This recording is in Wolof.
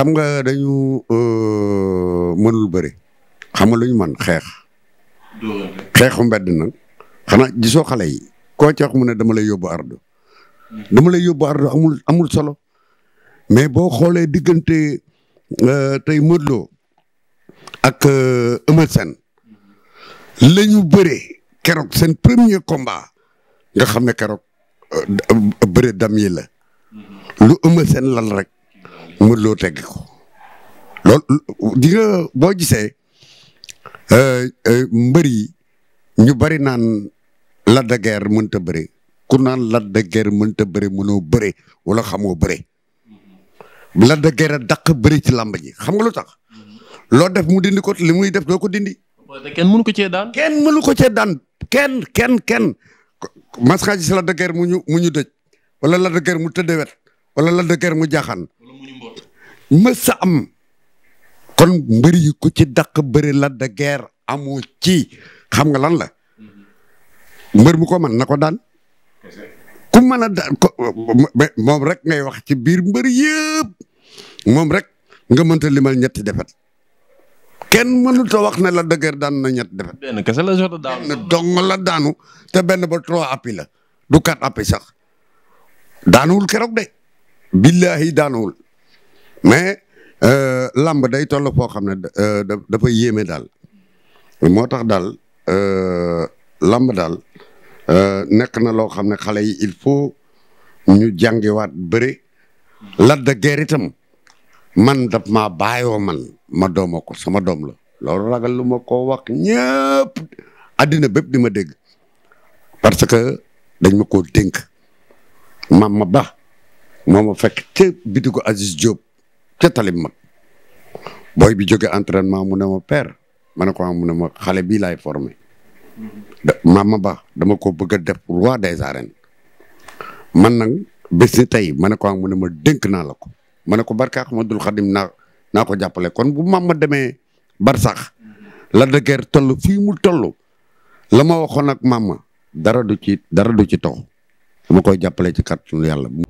xam nga dañu euh, mënul bëri xam nga lu ñu man xeex. xeexu mbedd nag xanaa gisoo xale yi koo ci mu ne dama lay yóbbu ardo dama lay yóbbu ardo amul amul solo mais boo xoolee diggante euh, tey Modou Lo ak euh, Eumeu Sène la ñu bëree keroog seen premier combat nga xam ne keroog bëre dam yi la lu Eumeu seen lal rek. Modou Lo tegg ko loolu boo gisee euh, euh, mbër yi ñu bari naan Lac de Guiers mënta bëre ku naan Lac de mënuta mënta bëre mënoo bëre wala xamoo bëre Lac de Guiers a daq bëri ci làmb ji xam nga lu tax loo def mu dindi ko li muy def doo ko dindi. kenn mënu ko cee daan. kenn mënu ko cee daan kenn kenn kenn. mas nga gis Lac de Guiers mu ñu dëj wala Lac de Guiers mu tëddee wet wala Lac de mu jaaxaan. mës a am kon mbër yi ku ci dàq bëri la de guerre amoo ci xam nga lan la mbër mu ko man na ko daan ku mën a daan ko moom rek ngay wax ci biir mbër yëpp moom rek nga mënta limal ñetti defet kenn mënu a wax na la de daan na ñetti defet benn kese la jot a daanu benn la daanu te benn ba trois appuis la du quatre appuis sax daanuwul keroog de billahi daanuwul mais euh, làmb day toll foo xam ne euh, dafa yéeme daal moo tax daal euh, làmb daal nekk na loo xam ne xale yi il faut ñu jàngiwaat bëre Lac de tam man daf maa bàyyoo man ma dooma ko sama doom la loolu ragal lu ma ko wax ñëpp àddina bépp di ma dégg parce que dañ ma ko dénk maam ma ba moo ma fekk ca bitigu Aziz Diop ca talim mag booy bi jóge entraînement mu ne ma père ma ne ko ah, mu ne ma xale bii laay formé Mama Ba dama ko bëgg a def roi des arènes man nag bés tey ma ne ko ah, mu ne ma dénk naa la ko ma ne ko barka Axmadul Xadim naa naa ko jàppale kon bu Mama demee barsax la dëgër toll fii mu toll la ma waxoon ak Mama dara du ci dara du ci tax dama koy jàppale ci kàttanu yàlla